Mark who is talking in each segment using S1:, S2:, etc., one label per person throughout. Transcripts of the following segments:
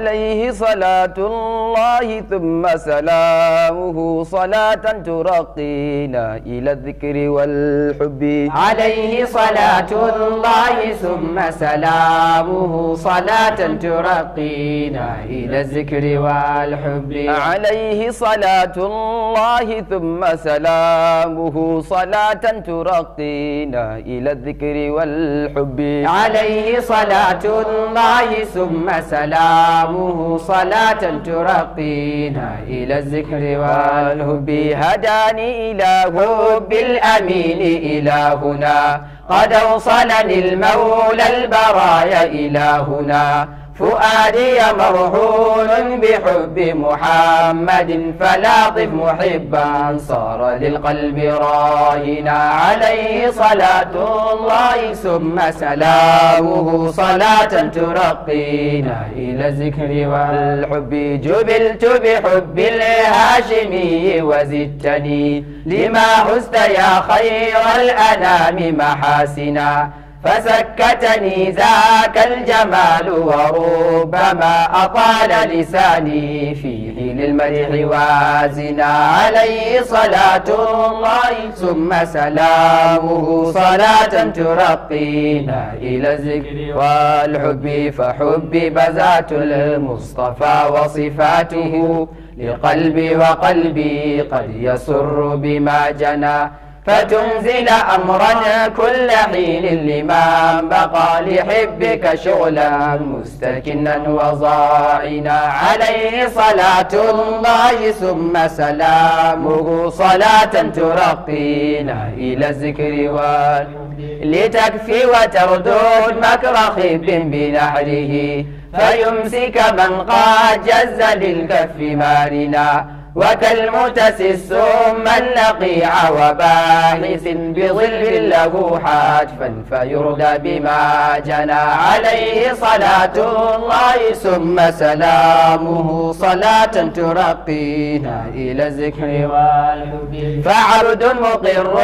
S1: عليه صلاة الله ثم سلامه صلاة ترقينا إلى الذكر والحب عليه صلاة الله ثم سلامه صلاة ترقينا إلى الذكر والحب عليه صلاة الله ثم سلامه صلاة ترقينا إلى الذكر والحب عليه صلاة الله ثم سلامه أطعامه صلاة ترقينا إلى الذكر والهب هداني الأمين بالأمين هنا قد أوصلني المولى البرايا إلى هنا فؤادي مرهون بحب محمد فلاطف محبا صار للقلب راهنا عليه صلاة الله ثم سلامه صلاة ترقينا إلى الذكر والحب جبلت بحب الهاشمي وزدتني لما حزت يا خير الأنام محاسنا فسكتني ذاك الجمال وربما أطال لساني فيه للمدح وازنا عليه صلاة الله ثم سلامه صلاة ترقينا إلى الذكر والحب فحبي بذات المصطفى وصفاته لقلبي وقلبي قد يسر بما جنى فتنزل أمرنا كل حين لما بقى لحبك شغلا مستكنا وظاعنا عليه صلاة الله ثم سلامه صلاة ترقينا إلى الذكر وال لتكفي وتردو مكر خب بنحره فيمسك من قد جز للكف مارنا وكالمتسس ثم النقيع وباحث بظل له حتفا فيردى بما جنى عليه صلاة الله ثم سلامه صلاة ترقينا إلى الذكر والحب فعبد مقر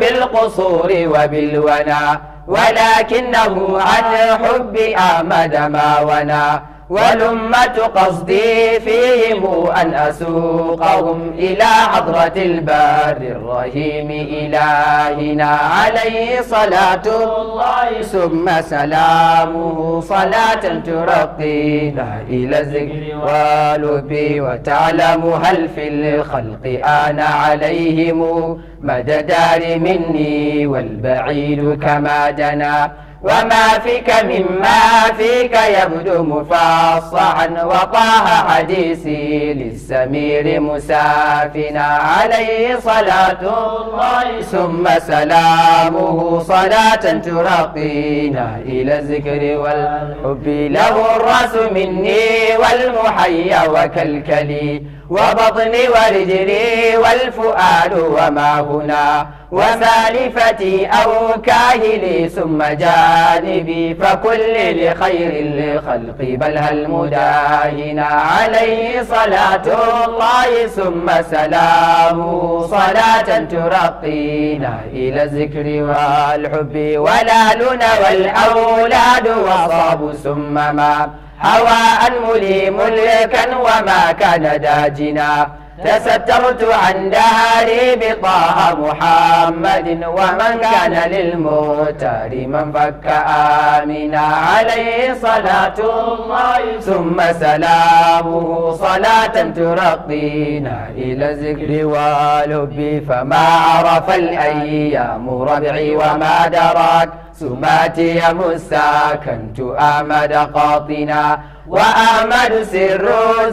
S1: بالقصور وبالونا ولكنه عن حب آمد ما ونا ولمة قصدي فيهم أن أسوقهم إلى حضرة البار الرحيم إلهنا عليه صلاة الله ثم سلامه صلاة ترقينا إلى الذكر ولبي وتعلم هل في الخلق أنا عليهم مدى دار مني والبعيد كما دنا وما فيك مما فيك يبدو مفصحا وطه حديثي للسمير مسافنا عليه صلاة الله ثم سلامه صلاة ترقينا إلى الذكر والحب له الرأس مني والمحيا وكالكلي وبطن ورجلي والفؤاد وما هنا وسالفتي أو كاهلي ثم جانبي فكل لخير الخلق بل هل مداهنا عليه صلاة الله ثم سلامه صلاة ترقينا إلى الذكر والحب ولالنا والأولاد وصاب ثم ما هوى مليم لك وما كان داجنا تسترت عن دهري بطه محمد ومن كان للمؤتر من فك آمنا عليه صلاة الله ثم سلامه صلاة ترقينا إلى الذكر والهب فما عرف الأيام ربعي وما دراك سماتي مساكنت أمد قاطنا وأمد سر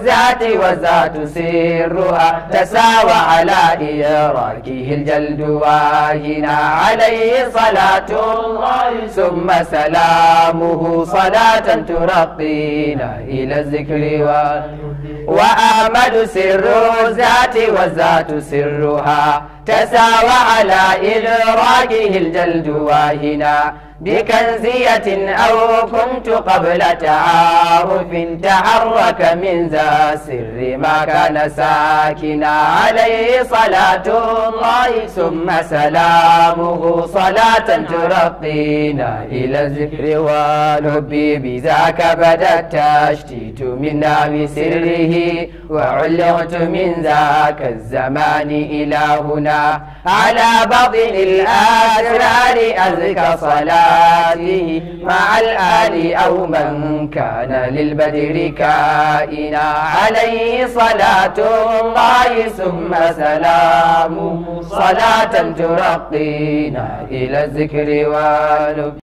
S1: ذاتي وذات سرها تساوى على اراكه الجلد واهنا عليه صلاة الله ثم سلامه صلاة ترقينا إلى الذكر والهدى وآمد سر الذات والذات سرها تساوى على إدراكه الجلد واهنا بكنزية أو كنت قبل تعارف تحرك من ذا السر ما كان ساكنا عليه صلاة الله ثم سلامه صلاة ترقينا إلى الذكر والحب بذاك بدا التشتيت منا بسره وعلقت من ذاك الزمان إلى هنا على بطن الأسرار أزكى صلاة آله مع الآل أو من كان للبدر كائنا عليه صلاة الله ثم سلام صلاة ترقينا إلى الذكر والب